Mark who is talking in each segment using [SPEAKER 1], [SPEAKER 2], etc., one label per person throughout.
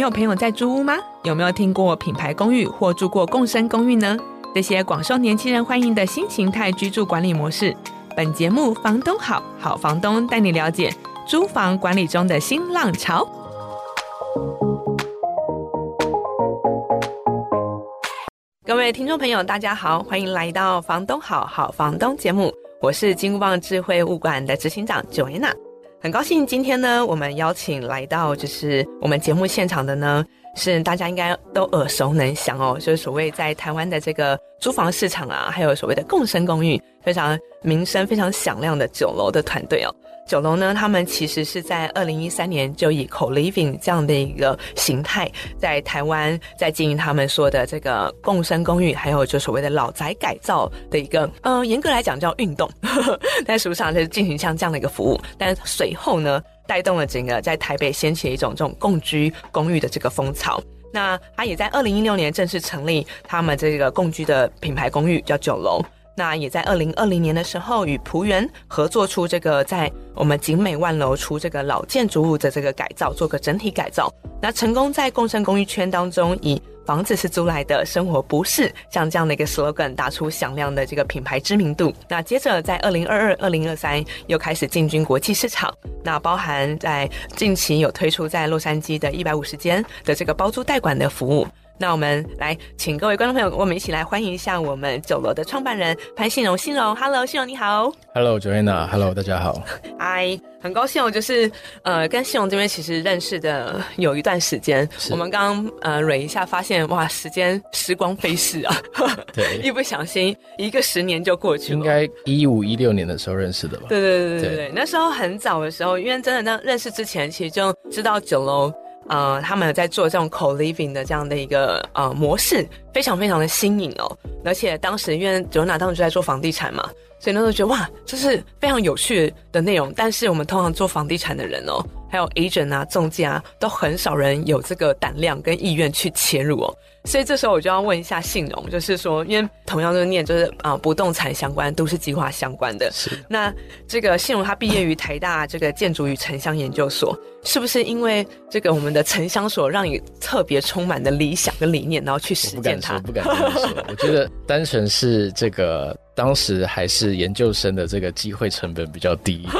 [SPEAKER 1] 你有朋友在租屋嗎？有沒有聽過品牌公寓或住過共生公寓呢？這些廣受年輕人歡迎的新形態居住管理模式，本節目房東好好房東帶你了解租房管理中的新浪潮。各位聽眾朋友，大家好，歡迎來到房東好好房東節目，我是金箍棒智慧物管的執行長 Joanna。很高興今天呢，我們邀請來到就是我們節目現場的呢，是大家應該都耳熟能詳哦，就是所謂在台灣的這個。租房市場啊，還有所謂的共生公寓，非常名聲非常響亮的玖樓的團隊哦。玖樓呢，他們其實是在二零一三年就以 co-living 這樣的一個形態，在台灣在經營他們說的這個共生公寓，還有就所謂的老宅改造的一個，嗯、呃，嚴格來講叫運動，呵呵，但實質上就是進行像這樣的一個服務。但隨後呢，帶動了整個在台北掀起一種這種共居公寓的這個風潮。那他也在二零一六年正式成立他們這個共居的品牌公寓，叫玖樓。那也在二零二零年的時候與璞園合作出這個在我們景美萬樓出這個老建築物的這個改造，做個整體改造。那成功在共生公寓圈當中，以房子是租來的，生活不是像這樣的一個 slogan，打出響亮的這個品牌知名度。那接着在二零二二、二零二三又開始進軍國際市場，那包含在近期有推出在洛杉磯的一百五十間的這個包租代管的服務。那我們來請各位觀眾朋友，我們一起來歡迎一下我們玖樓的創辦人潘信榮、信榮。Hello，信榮你好。
[SPEAKER 2] Hello，Joanna。Hello，大家好。
[SPEAKER 1] Hi，很高興我就是呃跟信榮這邊其實認識的有一段時間。是我們剛呃蕊一下，發現哇，時間時光飛逝啊。呵 對 一不小心一個十年就過去了。應
[SPEAKER 2] 該一五一六年的時候認識的吧？對，
[SPEAKER 1] 對對對對對，對那時候很早的時候，因為真的那認識之前，其實就知道玖樓。呃，他們有在做這種 co-living 的這樣的一個呃模式，非常非常的新穎哦。而且當時因為 Joanna 當時就在做房地產嘛，所以那時候覺得哇，這是非常有趣的內容。但是我們通常做房地產的人哦。還有 agent 啊，中介啊，都很少人有這個膽量跟意願去切入哦。所以這時候我就要問一下信榮，就是說，因為同樣的念，就是啊，不動產相關、都市計劃相關的。是。那這個信榮他畢業於台大這個建築與城鄉研究所， 是不是因為這個我們的城鄉所讓你特別充滿的理想跟理念，然後去實踐它？不敢說，
[SPEAKER 2] 不敢說。 我覺得單純是這個當時還是研究生的這個機會成本比較低。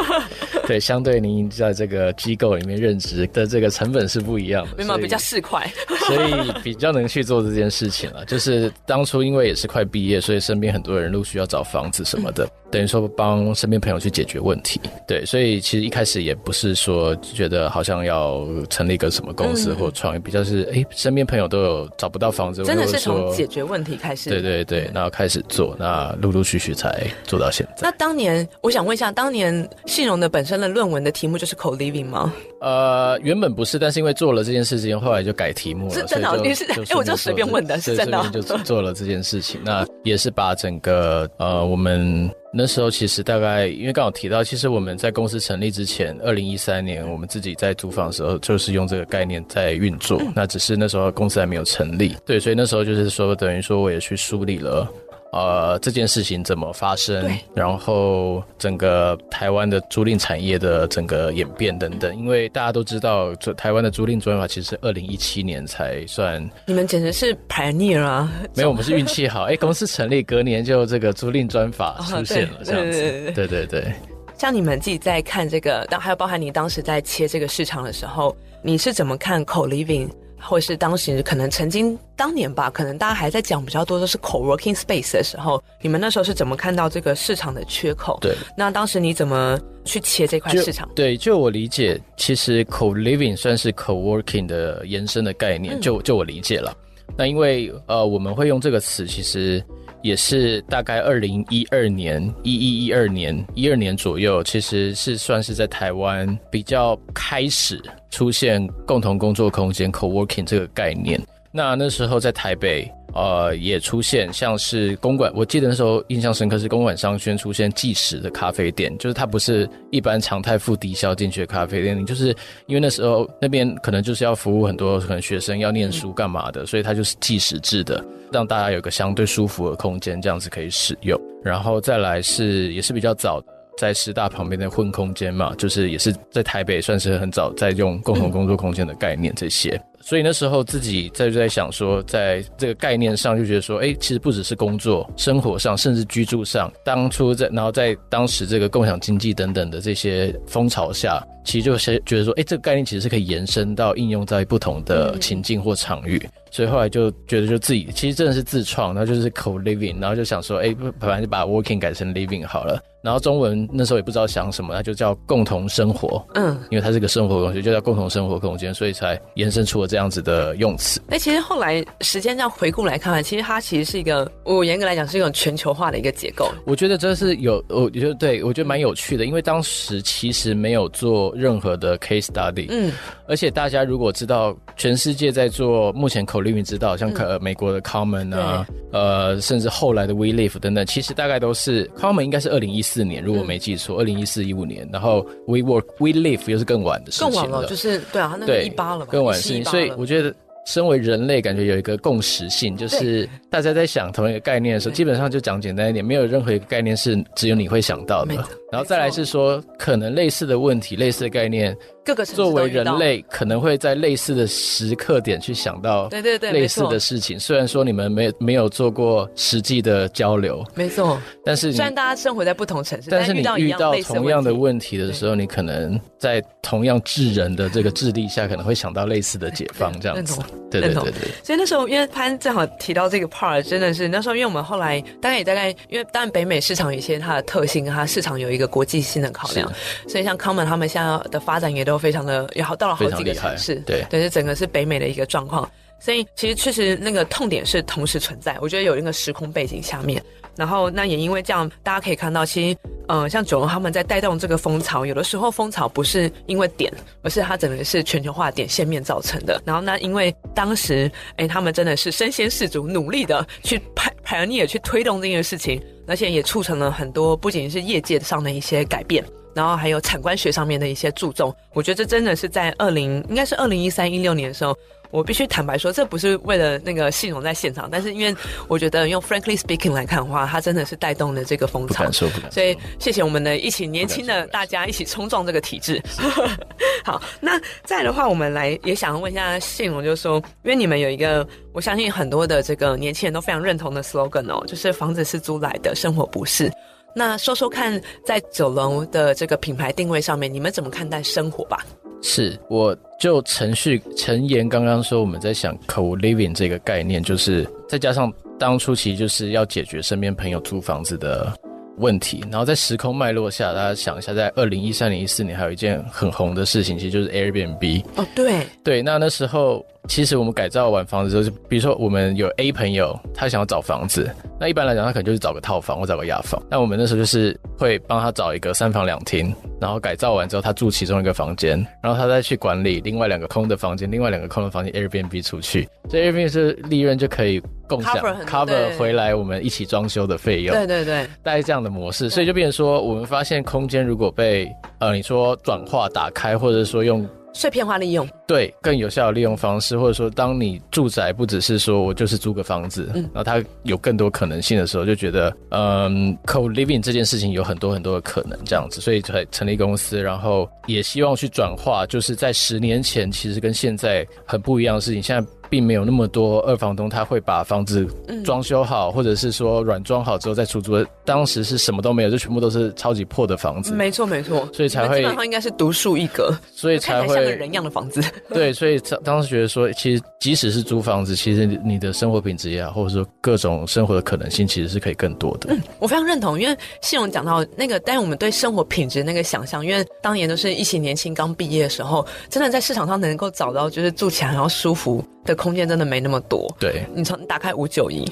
[SPEAKER 2] 對，相對您在這個機構裡面任職的這個成本是不一樣的，對嗎？以比較
[SPEAKER 1] 四塊， 所以
[SPEAKER 2] 比較能去做這件事情了，啊。就是當初因為也是快畢業，所以身邊很多人陸續要找房子什麼的。嗯。等於說幫身邊朋友去解決問題，對，所以其實一開始也不是說覺得好像要成立一個什麼公司或創業，比較是誒身邊朋友都有找不到房子，真的是從解
[SPEAKER 1] 決問題開始。對對
[SPEAKER 2] 對，然後開始做，那陸陸續續才做到現
[SPEAKER 1] 在。那當年我想問一下，當年信榮的本身的論文的題目就是 co-living 嗎？
[SPEAKER 2] 呃，原本不是，但是因為做了這件事情，後來就改題目了。是真的，你是哎，我就隨便問的，是真的。就做了這件事情，那也是把整個呃我們。那時候其實大概，因為剛好提到，其實我們在公司成立之前，二零一三年，我們自己在租房的時候就是用這個概念在運作。那只是那時候公司還沒有成立，對，所以那時候就是說，等於說我也去梳理了。呃，這件事情怎麼發生？對然後整個台灣的租賃產業的整個演變等等，因為大家都知道，台灣的租賃專法其實是二零一七年才算。
[SPEAKER 1] 你們簡直是
[SPEAKER 2] pioneer 啊！沒有，我們是運氣好。哎、 欸，公司成立隔年就這個租賃專法出現了，oh, 這樣子。對對對，對，對，對
[SPEAKER 1] 像你們自己在看這個，但還有包含你當時在切這個市場的時候，你是怎麼看 co living？或是當時，可能曾經當年吧，可能大家還在講比較多的是 co-working space 的時候，你們那時候是怎麼看到這個市場的缺口？對，那當時你怎麼去切這塊市場？
[SPEAKER 2] 對，就我理解，其實 co-living 算是 co-working 的延伸的概念。嗯，就就我理解了。那因為呃，我們會用這個詞，其實。也是大概二零一二年，一一一二年，一二年左右，其實是算是在台灣比較開始出現共同工作空間 （coworking） 這個概念。那那時候在台北。呃，也出現像是公館，我記得那時候印象深刻是公館商圈出現計時的咖啡店，就是它不是一般常態付低消進去的咖啡店，你就是因為那時候那邊可能就是要服務很多可能學生要念書幹嘛的，所以它就是計時制的，讓大家有個相對舒服的空間，這樣子可以使用。然後再來是也是比較早在師大旁邊的混空間嘛，就是也是在台北算是很早在用共同工作空間的概念這些。所以那時候自己在就在想說，在這個概念上就覺得說，哎、欸，其實不只是工作，生活上，甚至居住上。當初在，然後在當時這個共享經濟等等的這些風潮下，其實就先覺得說，哎、欸，這個概念其實是可以延伸到應用在不同的情境或場域。所以後來就覺得，就自己其實真的是自創，那就是 co living，然後就想說，哎、欸，反正就把 working 改成 living 好了。然後中文那時候也不知道想什麼，那就叫共同生活。嗯，因為它是個生活東西，就叫共同生活空間，所以才延伸出了。這樣子的用詞，哎、
[SPEAKER 1] 欸，其實後來時間這樣回顧來看，其實它其實是一個，我嚴格來講是一種全球化的一個結構。
[SPEAKER 2] 我覺得這是有，我覺得對我覺得蠻有趣的，因為當時其實沒有做任何的 case study，嗯，而且大家如果知道全世界在做，目前口令雲知道，像、嗯呃、美國的 Common 啊，對呃，甚至後來的 We Live 等等，其實大概都是 Common 應該是二零一四年，如果我沒記錯，二零一四一五年，然後 We Work We Live 又是更晚的時候。更晚了，就是
[SPEAKER 1] 對啊，他那個一八了嘛，對更晚是對我
[SPEAKER 2] 覺得，身為人類，感覺有一個共識性，對就是大家在想同一個概念的時候，對基本上就講簡單一點，沒有任何一個概念是只有你會想到的。然後再來是說，錯可能類似的問題、類似的概念，各個城市作為人類可能會在類似的時刻點去想到，對對對，類似的事情。對對對，雖然說你們沒沒有做過實際的交流，沒錯，但是雖然
[SPEAKER 1] 大家生活在不同城市，但是你遇到，遇到同樣的問
[SPEAKER 2] 題的時候，對你可能在同樣智人的這個智力下，對可能會想到類似的解放這樣子。同對，對，對，對。對
[SPEAKER 1] 對，所以那時候，因為潘正好提到這個 part，真的是那時候，因為我們後來大概也大概，因為當然北美市場有一些它的特性，跟它市場有一。一個國際性的考量，的所以像 Common 他們現在的發展也都非常的也好，到了好幾個城市，對，這整個是北美的一個狀況。所以其實確實那個痛點是同時存在，我覺得有一個時空背景下面，然後那也因為這樣，大家可以看到，其實嗯、呃，像玖樓他們在帶動這個風潮，有的時候風潮不是因為點，而是它整個是全球化點線面造成的。然後那因為當時，哎、欸，他們真的是身先士卒，努力的去 pioneer 去推動這件事情，而且也促成了很多不僅是業界上的一些改變，然後還有產官學上面的一些注重。我覺得這真的是在二零應該是二零一三一六年的時候。我必須坦白說，這不是為了那個信榮在現場，但是因為我覺得用 Frankly Speaking 來看的話，它真的是帶動了這個風潮，不不所以謝謝我們的一起年輕的大家一起衝撞這個體制。 好，那再來的話，我們來也想問一下信榮，就是說，因為你們有一個我相信很多的這個年輕人都非常認同的 slogan 哦，就是房子是租來的，生活不是。那說說看，在玖樓的這個品牌定位上面，你們怎麼看待生活吧？
[SPEAKER 2] 是，我就程序陳岩剛剛說，我們在想 co-living 這個概念，就是再加上當初其實就是要解決身邊朋友租房子的問題，然後在時空脈絡下，大家想一下在，在二零一三年、一四年，還有一件很紅的事情，其實就是 Airbnb。哦，oh, 對，對，那那時候。其實我們改造完房子之後，就比如說我們有 A 朋友，他想要找房子，那一般來講他可能就是找個套房或找個雅房。那我們那時候就是會幫他找一個三房兩廳，然後改造完之後他住其中一個房間，然後他再去管理另外兩個空的房間，另外兩個空的房間 Airbnb 出去，所以 Airbnb 是利潤就可以共享 cover 回來我們一起裝修的費用。對對對，大概這樣的模式，所以就變成說我們發現空間如果被呃你說轉化打開，或者說用。
[SPEAKER 1] 碎片化利用，
[SPEAKER 2] 對，更有效的利用方式，或者說，當你住宅不只是說我就是租個房子，嗯，然後它有更多可能性的時候，就覺得，嗯，co living 這件事情有很多很多的可能，這樣子，所以才成立公司，然後也希望去轉化，就是在十年前其實跟現在很不一樣的事情，現在。並沒有那麼多二房東，他會把房子裝修好，嗯、或者是說軟裝好之後再出租。當時是什麼都沒有，就全部都是超級破的房子。
[SPEAKER 1] 沒錯、嗯，沒錯，沒所以才會。基本上應該是獨樹一格，所以才會像個人一樣的房子。
[SPEAKER 2] 對，所以他當時覺得說，其實即使是租房子，其實你的生活品質也好，或者說各種生活的可能性，其實是可以更多的。
[SPEAKER 1] 嗯，我非常認同，因為信榮講到那個，但我們對生活品質那個想象，因為當年都是一起年輕剛畢業的時候，真的在市場上能夠找到就是住起來很要舒服的。空間真的沒那麼多，對你從你打開五九一，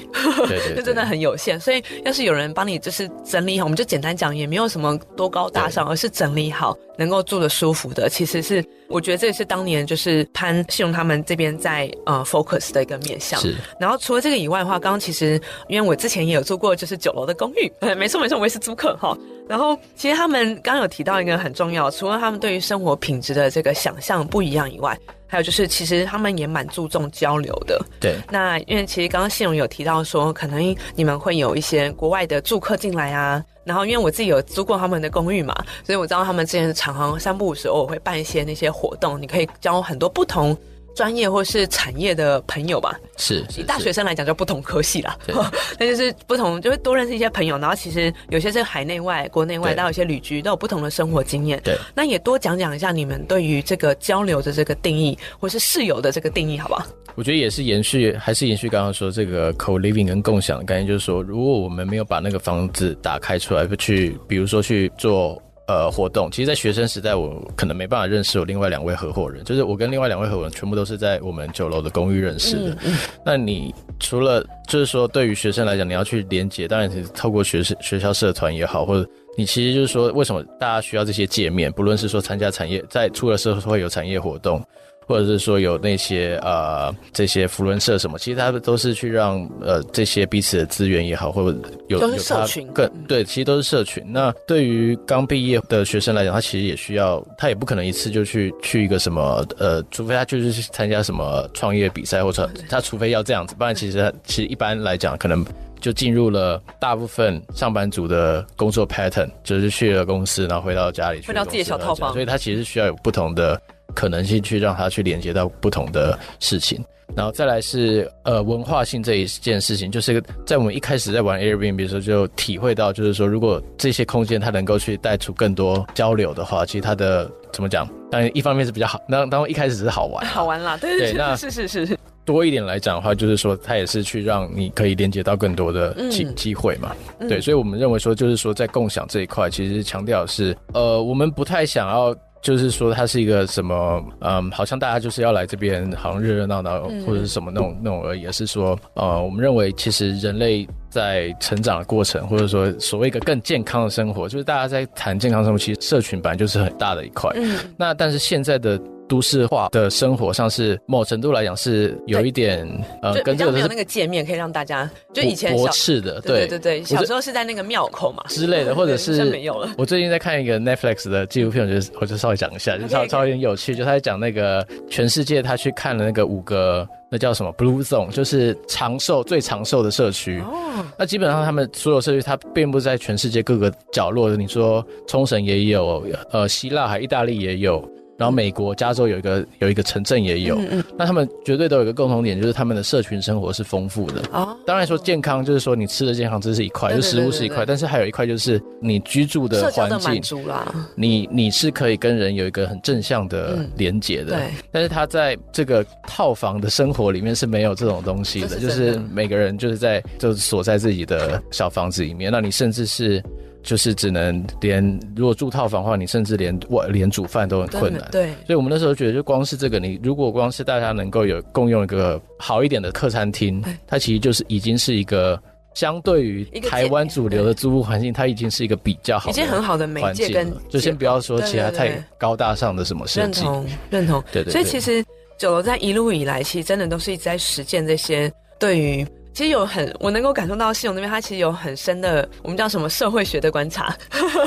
[SPEAKER 1] 就真的很有限。對對對，所以要是有人幫你，就是整理好，我們就簡單講，也沒有什麼多高大上，對而是整理好能夠住得舒服的。其實是我覺得這也是當年就是潘信榮他們這邊在呃 focus 的一個面向。是，然後除了這個以外的話，剛剛其實因為我之前也有住過就是玖樓的公寓，呵呵沒錯沒錯，我也是租客哈。然後其實他們剛有提到一個很重要，除了他們對於生活品質的這個想象不一樣以外。還有就是，其實他們也蠻注重交流的。對，那因為其實剛剛信榮有提到說，可能你們會有一些國外的住客進來啊。然後，因為我自己有租過他們的公寓嘛，所以我知道他們之前常常三不五時偶爾我會辦一些那些活動，你可以交很多不同。專業或是產業的朋友吧，
[SPEAKER 2] 是，是，是以大學生
[SPEAKER 1] 來講就不同科系啦對那就是不同，就是多認識一些朋友。然後其實有些是海內外、國內外，到對有些旅居，都有不同的生活經驗。對，那也多講講一下你們對於這個交流的這個定義，或是室友的這個定義，好不
[SPEAKER 2] 好？我覺得也是延續，還是延續剛剛說這個 co-living 跟共享的概念，就是說，如果我們沒有把那個房子打開出來，去，比如說去做。呃，活動其實，在學生時代我可能沒辦法認識我另外兩位合夥人，就是我跟另外兩位合夥人全部都是在我們玖樓的公寓認識的。嗯嗯，那你除了就是說，對於學生來講，你要去連接，當然透過學生學校社團也好，或者你其實就是說，為什麼大家需要這些界面？不論是說參加產業，在出了社會有產業活動。或者是說有那些呃這些扶輪社什麼，其實他們都是去讓呃這些彼此的資源也好，或者有是社群有更、嗯、對，其實都是社群。那對於剛畢業的學生來講，他其實也需要，他也不可能一次就去去一個什麼呃，除非他就是去參加什麼創業比賽或者他除非要這樣子，不然其實他其實一般來講，可能就進入了大部分上班族的工作 pattern，就是去了公司，然後回到家裡去。回到自己的小套房，所以他其實需要有不同的。可能性去讓它去連接到不同的事情，然後再來是呃文化性這一件事情，就是在我們一開始在玩 Airbnb 的時候就體會到，就是說如果這些空間它能夠去帶出更多交流的話，其實它的怎麼講？當然一方面是比較好，當當一開始是好玩，
[SPEAKER 1] 好玩啦，對對，對，是是是
[SPEAKER 2] 是多一點來講的話，就是說它也是去讓你可以連接到更多的機機、嗯、會嘛，嗯、對，所以我們認為說就是說在共享這一塊，其實強調是呃我們不太想要。就是說，它是一個什麼？嗯，好像大家就是要來這邊，好像熱熱鬧鬧或者是什麼那種那種而已。也是說，呃，我們認為其實人類在成長的過程，或者說所謂一個更健康的生活，就是大家在談健康生活，其實社群本來就是很大的一塊。嗯。那但是現在的。都市化的生活上是某程度來講是有一點對呃，就跟這個、沒有那個
[SPEAKER 1] 界面可以讓大家，就以前駁斥的，對，對對對，這小時候是在那個廟口嘛這、嗯、之類的，或者是沒有了。我
[SPEAKER 2] 最近在看一個 Netflix 的紀錄片，我覺得我就稍微講一下，就稍微 okay, okay. 超超有點有趣，就他在講那個全世界他去看了那個五個，那叫什麼 Blue Zone，就是長壽最長壽的社區。Oh, 那基本上他們所有社區，它並不是在全世界各個角落的，你說沖繩也有，呃，希臘還意大利也有。然後美國加州有一個有一個城鎮也有，嗯嗯，那他們絕對都有一個共同點，就是他們的社群生活是豐富的。啊、哦，當然說健康就是說你吃的健康，這是一塊，就食物是一塊，但是還有一塊就是你居住的環境，了啊、你你是可以跟人有一個很正向的連接的、嗯。對，但是他在這個套房的生活裡面是沒有這種東西的，就是，的就是每個人就是在就鎖在自己的小房子裡面，那你甚至是。就是只能連，如果住套房的話，你甚至連外連煮飯都很困難。對，對，所以我們那時候覺得，就光是這個，你如果光是大家能夠有共用一個好一點的客餐廳，對它其實就是已經是一個相對於台灣主流的租屋環境，它已經是一個比較好的、已經很好的媒介。跟就先不要說其他太高大上的什麼事情。認同認同。對，對對。所以其實
[SPEAKER 1] 玖樓在一路以來，其實真的都是一直在實踐這些對於。其實有很，我能夠感受到信榮那邊，它其實有很深的，我們叫什麼社會學的觀察，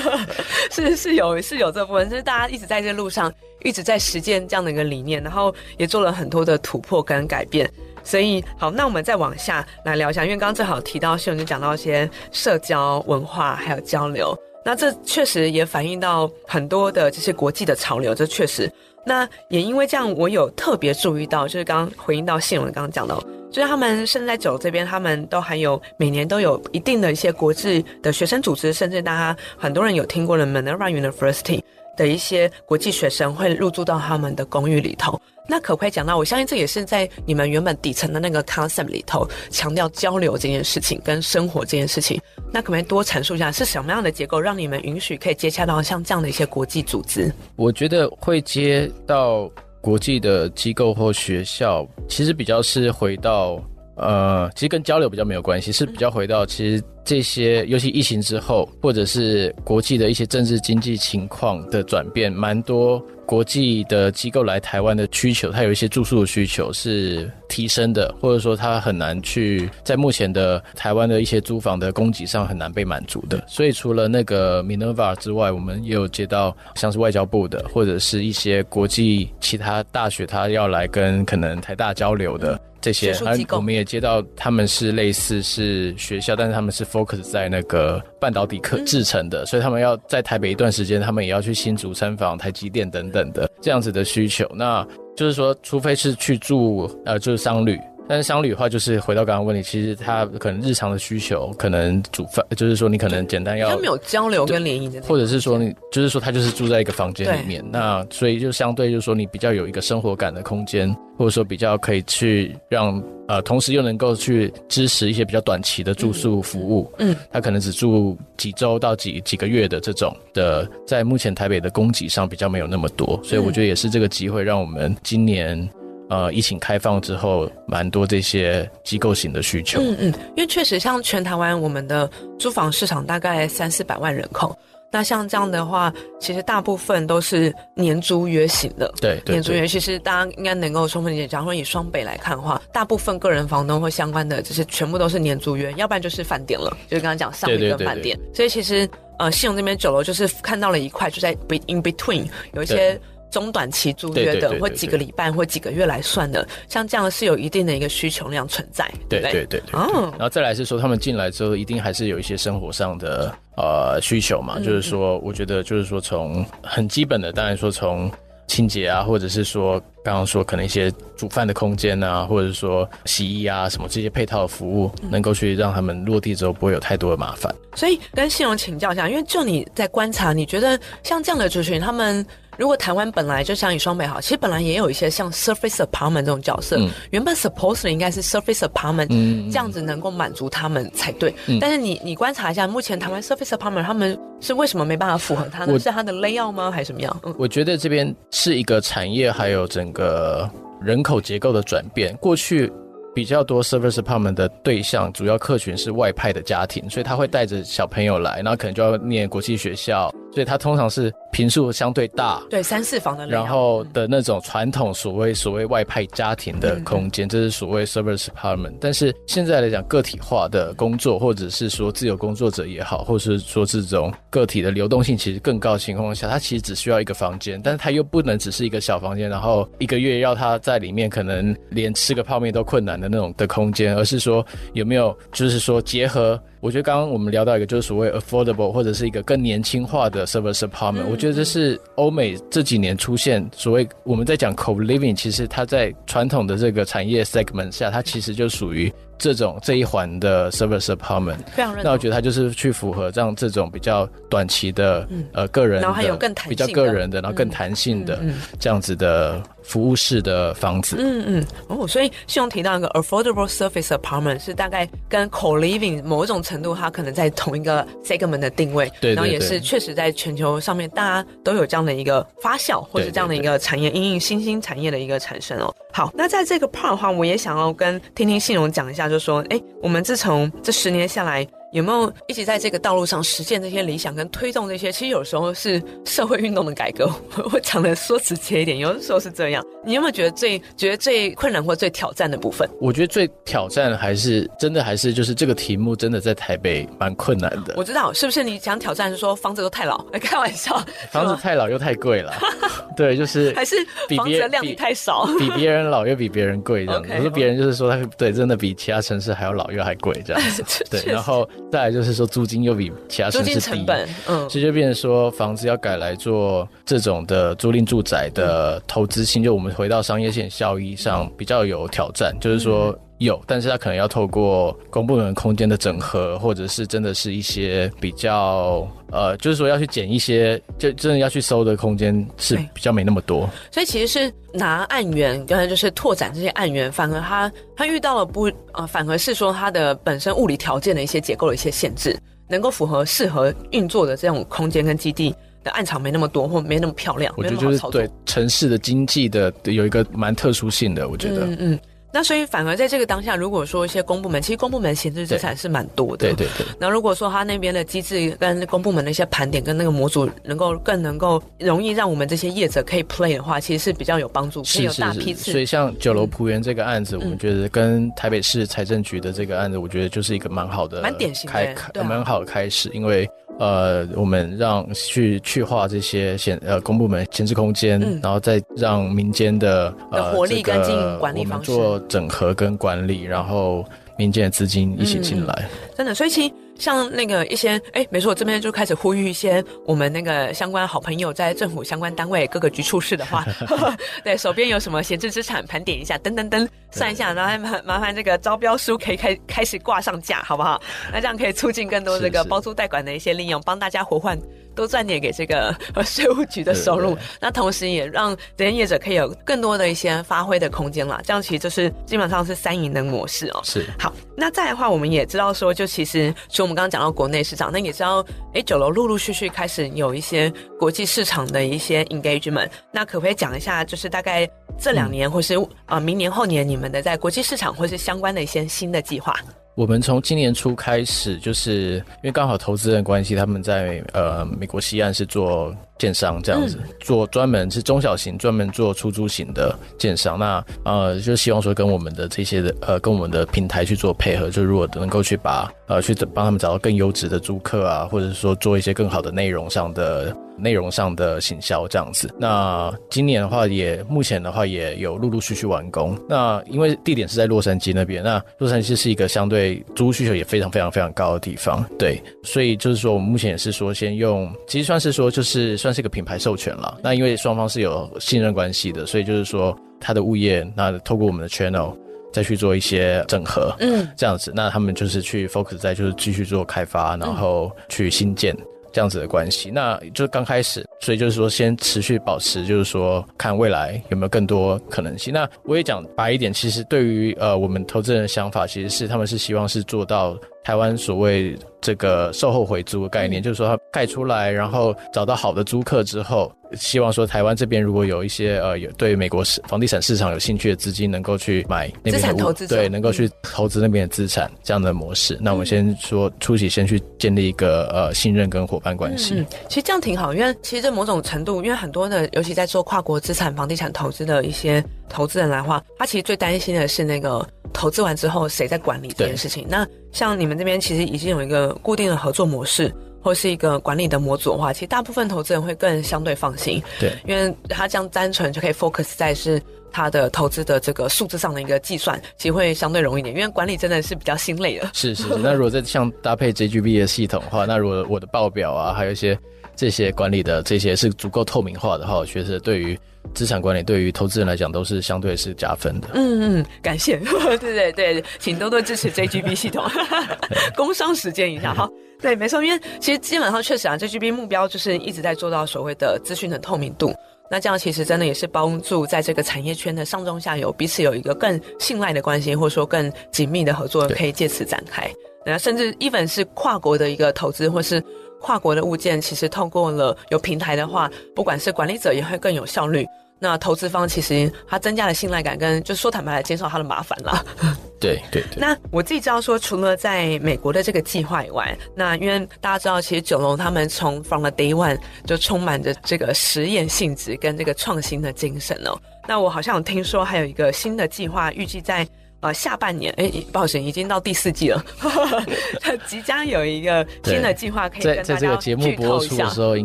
[SPEAKER 1] 是是有是有這部分，就是大家一直在這路上，一直在實踐這樣的一個理念，然後也做了很多的突破跟改變。所以好，那我們再往下來聊一下，因為剛剛正好提到信榮就講到一些社交文化還有交流，那這確實也反映到很多的這些國際的潮流，這確實。那也因為這樣，我有特別注意到，就是剛剛回應到信榮剛剛講到，就是他們現在走這邊，他們都還有每年都有一定的一些國際的學生組織，甚至大家很多人有聽過的 Minerva University。的一些國際學生會入住到他們的公寓裡頭，那可不可以講到，我相信這也是在你們原本底層的那個 concept 裡頭，強調交流這件事情跟生活這件事情。那可不可以多闡述一下是什麼樣的結構讓你
[SPEAKER 2] 們允許可以接洽到像這樣的一些國際組織？我覺得會接到國際的機構或學校，其實比較是回到。呃，其實跟交流比較沒有關係，是比較回到其實這些，尤其疫情之後，或者是國際的一些政治經濟情況的轉變，蠻多國際的機構來台灣的需求，它有一些住宿的需求是提升的，或者說它很難去在目前的台灣的一些租房的供給上很難被滿足的。所以除了那個 Minerva 之外，我們也有接到像是外交部的，或者是一些國際其他大學，他要來跟可能台大交流的。這些，而、啊、我們也接到他們是類似是學校，但是他們是 focus 在那個半導體製程的。嗯、所以他們要在台北一段時間，他們也要去新竹、參訪、台積電等等的這樣子的需求。那就是說，除非是去住，呃，就是商旅。但是商旅的話，就是回到剛剛問題，其實他可能日常的需求，可能煮飯，就是說你可能簡單要，他沒
[SPEAKER 1] 有交流跟聯
[SPEAKER 2] 誼，或者是說你，就是說他就是住在一個房間裡面，對那所以就相對就是說你比較有一個生活感的空間，或者說比較可以去讓呃，同時又能夠去支持一些比較短期的住宿服務，嗯，嗯他可能只住幾周到幾幾個月的這種的，在目前台北的供給上比較沒有那麼多，所以我覺得也是這個機會，讓我們今年、嗯。呃，疫情開放之後，蠻多這些機構型的需求。嗯嗯，
[SPEAKER 1] 因為確實像全台灣，我們的租房市場大概三四百萬人口，那像這樣的話，其實大部分都是年租約型的。對，對對年租約其實大家應該能夠充分理解。假如說以雙北來看的話，大部分個人房東或相關的，就是全部都是年租約，要不然就是飯店了，就是剛剛講上一個飯店。對對對對，所以其實呃，信榮這邊玖樓就是看到了一塊，就在 in between 有一些。中短期租約的，或幾個禮拜或幾個月來算的，像這樣是有一定的一個需求量存在。對對，對
[SPEAKER 2] 對嗯，哦、然後再來是說，他們進來之後一定還是有一些生活上的呃需求嘛，嗯、就是說，嗯、我覺得就是說從，從很基本的，當然說從清潔啊，或者是說剛剛說可能一些煮飯的空間啊，或者是說洗衣啊什麼這些配套的服務，嗯、能夠去讓他們落地之後不會有太多的麻煩。
[SPEAKER 1] 所以跟信榮請教一下，因為就你在觀察，你覺得像這樣的族群他們。如果台灣本來就像你雙美好，其實本來也有一些像 surface apartment 這種角色，嗯、原本 supposedly 應該是 surface apartment、嗯、這樣子能夠滿足他們才對。嗯、但是你你觀察一下，目前台灣 surface apartment 他們是為什麼沒辦法符合他呢？我是他的 layout 嗎，還是什麼樣？
[SPEAKER 2] 嗯、我覺得這邊是一個產業還有整個人口結構的轉變。過去比較多 surface apartment 的對象，主要客群是外派的家庭，所以他會帶着小朋友來，那可能就要念國際學校。所以它通常是坪數相對大，
[SPEAKER 1] 對三四房的，然
[SPEAKER 2] 後的那種傳統所謂所謂外派家庭的空間，這是所謂 service apartment。但是現在來講，個體化的工作，或者是說自由工作者也好，或是說這種個體的流動性其實更高的情況下，它其實只需要一個房間，但是它又不能只是一個小房間，然後一個月要他在裡面可能連吃個泡面都困難的那種的空間，而是說有沒有就是說結合。我覺得剛剛我們聊到一個，就是所謂 affordable，或者是一個更年輕化的 service apartment，嗯。我覺得這是歐美這幾年出現所謂我們在講 co-living，其實它在傳統的這個產業 segment 下，它其實就屬於這種這一環的 service apartment。非常認同。那我覺得它就是去符合這樣這種比較短期的、嗯、呃個人的，然後還有更彈性比較個人的，然後更彈性的、嗯、這樣子的。服務式的房子，
[SPEAKER 1] 嗯嗯，哦，所以信榮提到一個 affordable service apartment，是大概跟 co living 某一種程度，它可能在同一個 segment 的定位，對，對，對，然後也是確實在全球上面大家都有這樣的一個發酵，或是這樣的一個產業，對對對，因應用，新興產業的一個產生哦。好，那在這個 part 的話，我也想要跟聽聽信榮講一下，就說，哎，我們自從這十年下來。有沒有一起在這個道路上實現這些理想，跟推動這些？其實有時候是社會運動的改革。我講的說直接一點，有的時候是這樣。
[SPEAKER 2] 你有沒有覺得最覺得最困難或最挑戰的部分？我覺得最挑戰還是真的還是就是這個題目真的在台北蠻困難的。我
[SPEAKER 1] 知道是不是你想挑戰是說房子都太老？哎，開玩笑，房子
[SPEAKER 2] 太老又太貴了。 對，就是還是比別人量
[SPEAKER 1] 太少，比別
[SPEAKER 2] 人老又比別人貴這樣有我說別人就是說他對，真的比其他城市還要老又還貴這樣 確實 對，然後。再來就是說，租金又比其他城市低，嗯，所以就變成說，房子要改來做這種的租賃住宅的投資性，嗯、就我們回到商業線效益上比較有挑戰，嗯、就是說。有，但是他可能要透過公共空間的整合，或者是真的是一些比較呃，就是說要去撿一些，就真的要去收的空間是比較沒那麼多。
[SPEAKER 1] 欸、所以其實是拿案源，剛才就是拓展這些案源，反而他他遇到了不呃，反而是說他的本身物理條件的一些結構的一些限制，能夠符合適合運作的這種空間跟基地的案場沒那麼多，或沒那麼漂亮。我覺得就是對
[SPEAKER 2] 城市的經濟的有一個蠻特殊性的，我覺得。嗯。嗯
[SPEAKER 1] 那所以反而在這個當下，如果說一些公部門，其實公部門閒置資產是蠻多的。
[SPEAKER 2] 對，對對對。
[SPEAKER 1] 那如果說他那邊的機制跟公部門的一些盤點跟那個模組，能夠更能夠容易讓我們這些業者可以 play 的話，其實是比較有幫助，可以有大批次。是是是，所以
[SPEAKER 2] 像玖樓浦園這個案子，嗯、我們覺得跟台北市財政局的這個案子，我覺得就是一個蠻好的、蠻
[SPEAKER 1] 典型的、開呃啊、蠻好
[SPEAKER 2] 的開始，因為。呃，我們讓去去化這些閒、呃，公部門閒置空間，嗯、然後再讓民間的、嗯、呃活力跟管理方式，這個我們做整合跟管理，然後民間的資金一起進來，
[SPEAKER 1] 嗯，真的，所以其。像那個一些，哎，沒錯，我這邊就開始呼籲一些我們那個相關好朋友在政府相關單位各個局處室的話， 對，手邊有什麼閒置資產盤點一下，登登登算一下，然後還麻麻煩這個招標書可以開開始掛上架，好不好？那這樣可以促進更多這個包租代管的一些利用，是是，幫大家活換。多賺點給這個稅務局的收入，的那同時也讓從業者可以有更多的一些發揮的空間了。這樣其實就是基本上是三贏的模式哦、喔。是的。好，那再來的話，我們也知道說，就其實從我們剛剛講到國內市場，那也知道，誒，玖樓陸陸續續開始有一些國際市場的一些 engagement。那可不可以講一下，就是大概這兩年或是、嗯、呃明年後年你們的在國際市場或是相關的一些新的計劃？
[SPEAKER 2] 我們從今年初開始，就是因為剛好投資人關係，他們在呃美國西岸是做。建商這樣子做，專門是中小型，專門做出租型的建商。那呃，就希望說跟我們的這些的呃，跟我們的平台去做配合，就如果能夠去把呃，去幫他們找到更優質的租客啊，或者是說做一些更好的內容上的內容上的行銷這樣子。那今年的話也，也目前的話也有陸陸續續完工。那因為地點是在洛杉磯那邊，那洛杉磯是一個相對租屋需求也非常非常非常高的地方，對，所以就是說，我們目前也是說先用，其實算是說就是算。是一個品牌授權了，那因為雙方是有信任關係的，所以就是說，他的物業那透過我們的 channel 再去做一些整合，嗯，這樣子，那他們就是去 focus 在就是繼續做開發，然後去新建這樣子的關係，嗯、那就剛開始，所以就是說先持續保持，就是說看未來有沒有更多可能性。那我也講白一點，其實對於呃我們投資人的想法，其實是他們是希望是做到。台灣所謂這個售後回租的概念，就是說它蓋出來，然後找到好的租客之後，希望說台灣這邊如果有一些呃有對美國市房地產市場有興趣的資金，能夠去買資產投資，對，能夠去投資那邊的資產，這樣的模式。那我們先說，嗯、初期先去建立一個呃信任跟夥伴關係，嗯。嗯，
[SPEAKER 1] 其實這樣挺好，因為其實這某種程度，因為很多的，尤其在做跨國資產房地產投資的一些投資人來的話，他其實最擔心的是那個投資完之後誰在管理這件事情。對那像你們這邊其實已經有一個固定的合作模式，或是一個管理的模組的話，其實大部分投資人會更相對放心。對，因為它這樣單純就可以 focus 在是它的投資的這個數字上的一個計算，其實會相對容易一點。因為管理真的是比較心累的。是
[SPEAKER 2] 是是，那如果再像搭配 JGB 的系統的話， 那如果我的報表啊，還有一些。這些管理的這些是足夠透明化的哈，確實對於資產管理，對於投資人來講都是相對是加分的。
[SPEAKER 1] 嗯嗯，感謝，對對對，請多多支持 JGB 系統。 工商時間一下哈， 對，沒錯，因為其實基本上確實啊，JGB 目標就是一直在做到所謂的資訊的透明度。那這樣其實真的也是幫助在這個產業圈的上中下游彼此有一個更信賴的關係，或者說更緊密的合作可以借此展開，然後對甚至 even 是跨國的一個投資，或是。跨國的物件其實通過了有平台的話，不管是管理者也會更有效率。那投資方其實他增加了信賴感，跟就說坦白來減少他的麻煩了 。
[SPEAKER 2] 對對對。那
[SPEAKER 1] 我自己知道說，除了在美國的這個計劃以外，那因為大家知道，其實玖樓他們從 from the day one 就充滿着這個實驗性質跟這個創新的精神哦。那我好像有聽說還有一個新的計劃，預計在。呃下半年哎，抱、欸、歉，已經到第四季了。他 即將有
[SPEAKER 2] 一個新的計劃對，計劃可以做。在這個節目播出的時候，應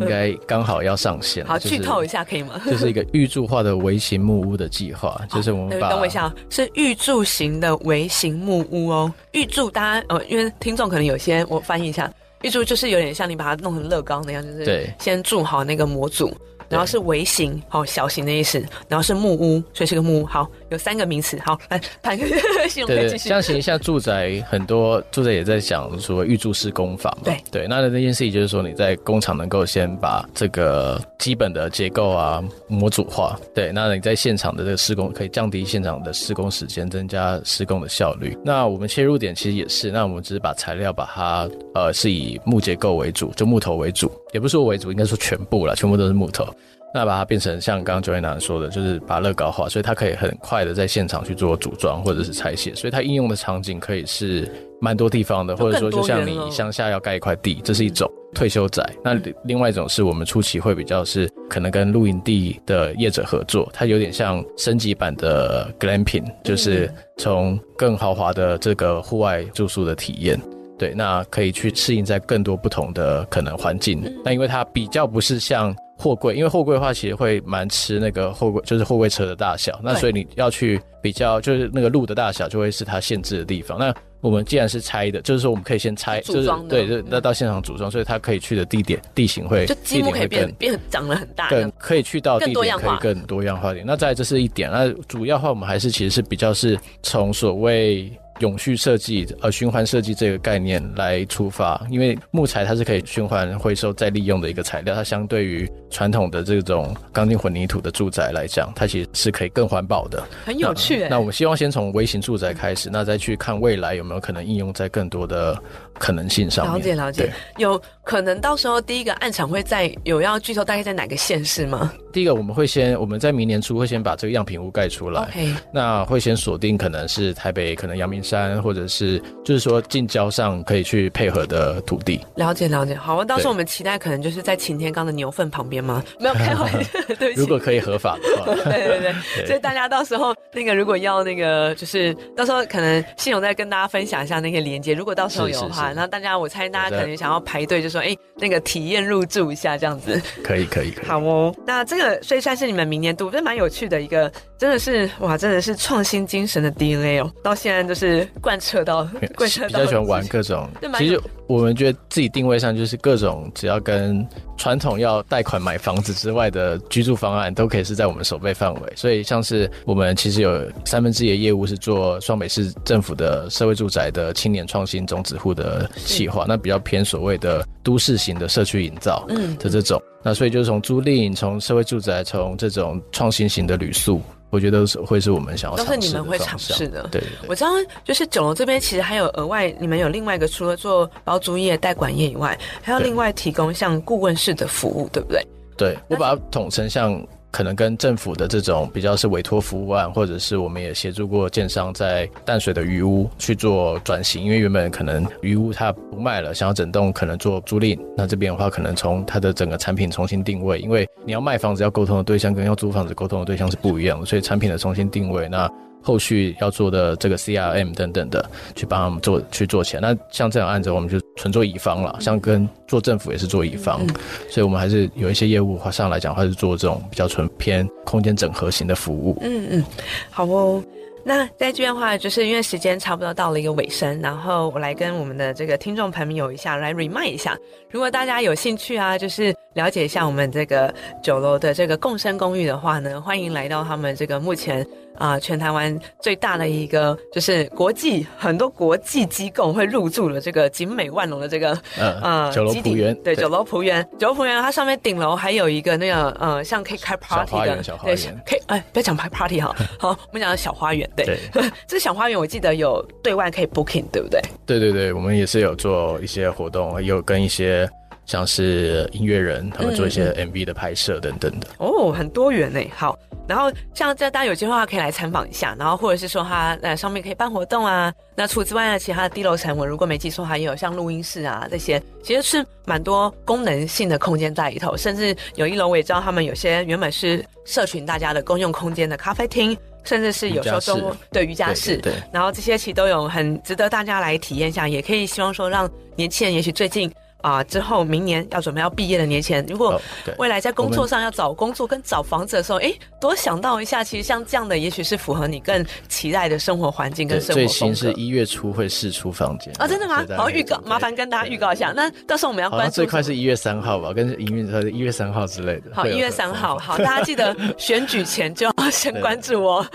[SPEAKER 2] 該剛好要上線。好，劇、就是、透一下
[SPEAKER 1] 可以嗎？就是一
[SPEAKER 2] 個預鑄化的微型木屋的計劃，哦、就是我們把等我一下、
[SPEAKER 1] 喔，是預鑄型的微型木屋哦、喔。預鑄，大家呃、喔、因為聽眾可能有些我翻譯一下，預鑄就是有點像你把它弄成樂高那樣，就是先做好那個模組，然後是微型，好對、喔，小型的意思，然後是木屋，所以是個木屋。好。有三個名詞，好來盤個形。對，相
[SPEAKER 2] 信一下住宅，很多住宅也在講什麼預鑄施工法嘛。對對，那那件事情就是說你在工廠能夠先把這個基本的結構啊模組化。對，那你在現場的這個施工可以降低現場的施工時間，增加施工的效率。那我們切入點其實也是。那我們只是把材料把它呃是以木結構為主，就木頭為主，也不是我為主，應該說全部啦，全部都是木頭。那把它變成像剛剛 Joanna 說的，就是把樂高化，所以它可以很快的在現場去做組裝或者是拆卸，所以它應用的場景可以是蠻多地方的，或者說就像你鄉下要蓋一塊地，這是一種退休宅。那另外一種是我們初期會比較是可能跟露營地的業者合作，它有點像升級版的 Glamping，就是從更豪華的這個戶外住宿的體驗。對，那可以去適應在更多不同的可能環境。那因為它比較不是像。貨櫃，因為貨櫃的話，其實會蠻吃那個貨櫃，就是貨櫃車的大小，那所以你要去比較，就是那個路的大小，就會是它限制的地方。對 那我們既然是拆的，就是說我們可以先拆，組的就是對，那到現場組裝，嗯、所以它可以去的地點、地形會就積木可以變
[SPEAKER 1] 變長了很大，對，
[SPEAKER 2] 可以去到地點更多樣化可以更多樣化點。那再這是一點，那主要的話我們還是其實是比較是從所謂。永續設計，呃，循環設計這個概念來出發，因為木材它是可以循環回收再利用的一個材料，它相對於傳統的這種鋼筋混凝土的住宅來講，它其實是可以更環保的，很有趣欸。那，那我們希望先從微型住宅開始，那再去看未來有沒有可能應用在更多的。可能性上面了，了解了解。
[SPEAKER 1] 對有可能到時候第一個案場會在，有要劇透，大概在哪個縣市嗎？
[SPEAKER 2] 第一個我們會先，我們在明年初會先把這個樣品屋蓋出來，Okay. 那會先鎖定可能是台北，可能陽明山或者是就是說近郊上可以去配合的土地。
[SPEAKER 1] 了解了解，好，到時候我們期待可能就是在擎天崗的牛糞旁邊嗎？沒有開，開會
[SPEAKER 2] 起。對，如果可以合法的話， 對，對對
[SPEAKER 1] 對，對，所以大家到時候那個如果要那個就是到時候可能信榮再跟大家分享一下那些連結，如果到時候有的話。然後大家，我猜大家可能想要排隊，就說：“哎、欸，那個體驗入住一下，這樣
[SPEAKER 2] 子。嗯”可以，可以。可
[SPEAKER 1] 以，好哦，那這個所以算是你們明年度，就蠻有趣的一個。真的是哇，真的是創新精神的 DNA 哦，到現在就是貫徹到,到。貫徹，比較喜歡
[SPEAKER 2] 玩各種，其實我們覺得自己定位上就是各種，只要跟傳統要貸款買房子之外的居住方案，都可以是在我們守備範圍。所以像是我們其實有三分之一的業務是做雙北市政府的社會住宅的青年創新種子戶的企劃，是那比較偏所謂的都市型的社區營造的這種。嗯那所以就是從租賃、從社會住宅、從這種創新型的旅宿，我覺得是會是我們想要嘗試的。都是你們會嘗試的。對，對，
[SPEAKER 1] 對，我知道就是玖樓這邊其實還有額外，你們有另外一個，除了做包租業、代管業以外，還要另外提供像顧問式的服
[SPEAKER 2] 務，對不對？對，我把它統稱像。可能跟政府的這種比較是委託服務案，或者是我們也協助過建商在淡水的餘屋去做轉型，因為原本可能餘屋它不賣了，想要整棟可能做租賃，那這邊的話可能從它的整個產品重新定位，因為你要賣房子要溝通的對象跟要租房子溝通的對象是不一樣的，所以產品的重新定位那。後續要做的這個 CRM 等等的，去幫他們做去做起來。那像這種案子，我們就純做乙方了。嗯、像跟做政府也是做乙方，嗯、所以我們還是有一些業務話上來講，還是做這種比較純偏空間整合型的服務。嗯嗯，好哦。
[SPEAKER 1] 那在這邊的話，就是因為時間差不多到了一個尾聲，然後我來跟我們的這個聽眾朋友一下來 remind 一下。如果大家有興趣啊，就是了解一下我們這個玖樓的這個共生公寓的話呢，歡迎來到他們這個目前。啊、呃，全台灣最大的一個，就是國際很多國際機構會入駐了這個景美萬隆的這個、嗯、呃，玖樓蒲園體、嗯、對，對玖樓蒲園對玖樓蒲園，它上面頂樓還有一個那個呃，像可以開 party 的小花園小，花對小可以哎，不要講開 party 哈好， 好，我們講小花園對，對 這小花園我記得有對外可以 booking 對不對？
[SPEAKER 2] 對對對，我們也是有做一些活動，有跟一些像是音樂人他們做一些 MV 的拍攝等等的、嗯、
[SPEAKER 1] 哦，很多元哎好。然後像這，大家有機會的話，可以來參訪一下，然後或者是說它呃上面可以辦活動啊。那除此之外呢，其他的低樓層我如果沒記錯，還有像錄音室啊這些，其實是蠻多功能性的空間在裡頭。甚至有一樓我也知道，他們有些原本是社群大家的公用空間的咖啡廳，甚至是有時候都對瑜伽室。對對對，然後這些其實都有很值得大家來體驗一下，也可以希望說讓年輕人也許最近。啊，之後明年要準備要畢業的年前，如果
[SPEAKER 2] 未來在工作上
[SPEAKER 1] 要找工作跟找房子的時候，哎，多想到一下，其實像這樣的，也許是符合你更期待的生活環境跟生活。最新是
[SPEAKER 2] 一月初會釋出房間啊，真的嗎？好，預
[SPEAKER 1] 告，麻煩跟大家預告一下。那到時候我們要關注，最快
[SPEAKER 2] 是一月三號吧，跟營運者一月三號之類的。好，一月三
[SPEAKER 1] 號，好，大家記得選舉前就要先關注哦。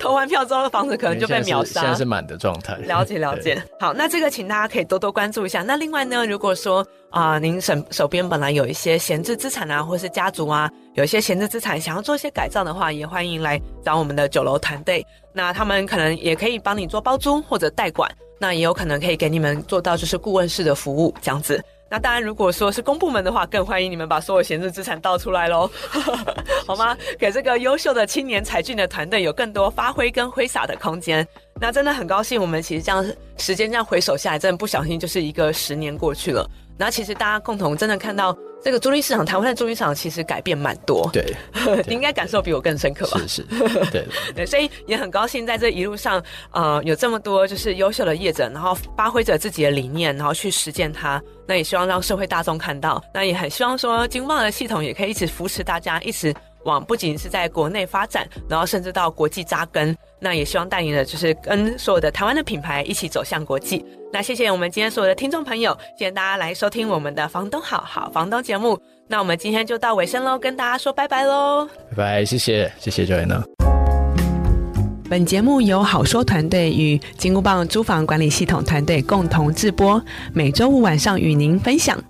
[SPEAKER 1] 投完票之後，房子可能就被秒殺，現在是
[SPEAKER 2] 滿的狀態。了解，了解。
[SPEAKER 1] 好，那這個，請大家可以多多關注一下。那另外呢，如果說說啊、呃，您手手邊本來有一些閒置資產啊，或是家族啊，有一些閒置資產想要做一些改造的話，也歡迎來找我們的玖樓團隊。那他們可能也可以幫你做包租或者代管，那也有可能可以給你們做到就是顧問式的服務這樣子。那當然，如果說是公部門的話，更歡迎你們把所有閒置資產倒出來嘍， 好嗎？給這個優秀的青年才俊的團隊有更多發揮跟揮灑的空間。那真的很高興，我們其實這樣時間這樣回首下來，真的不小心就是一個十年過去了。然後其實大家共同真的看到這個租賃市場，台灣的租賃市場其實改變蠻多。對，對 你應該感受比我更深刻吧？是
[SPEAKER 2] 是，
[SPEAKER 1] 對， 對，所以也很高興在這一路上，呃，有這麼多就是優秀的業者，然後發揮着自己的理念，然後去實踐它。那也希望讓社會大眾看到，那也很希望說金箍棒的系統也可以一直扶持大家，一直往不僅是在國內發展，然後甚至到國際扎根，那也希望帶領的就是跟所有的台灣的品牌一起走向國際。那謝謝我們今天所有的聽眾朋友，謝謝大家來收聽我們的《房東好好房東》節目。那我們今天就到尾聲嘍，跟大家說拜拜嘍，
[SPEAKER 2] 拜拜，謝謝謝謝 Joanna。
[SPEAKER 1] 本節目由好說團隊與金箍棒租房管理系統團隊共同製播，每週五晚上與您分享。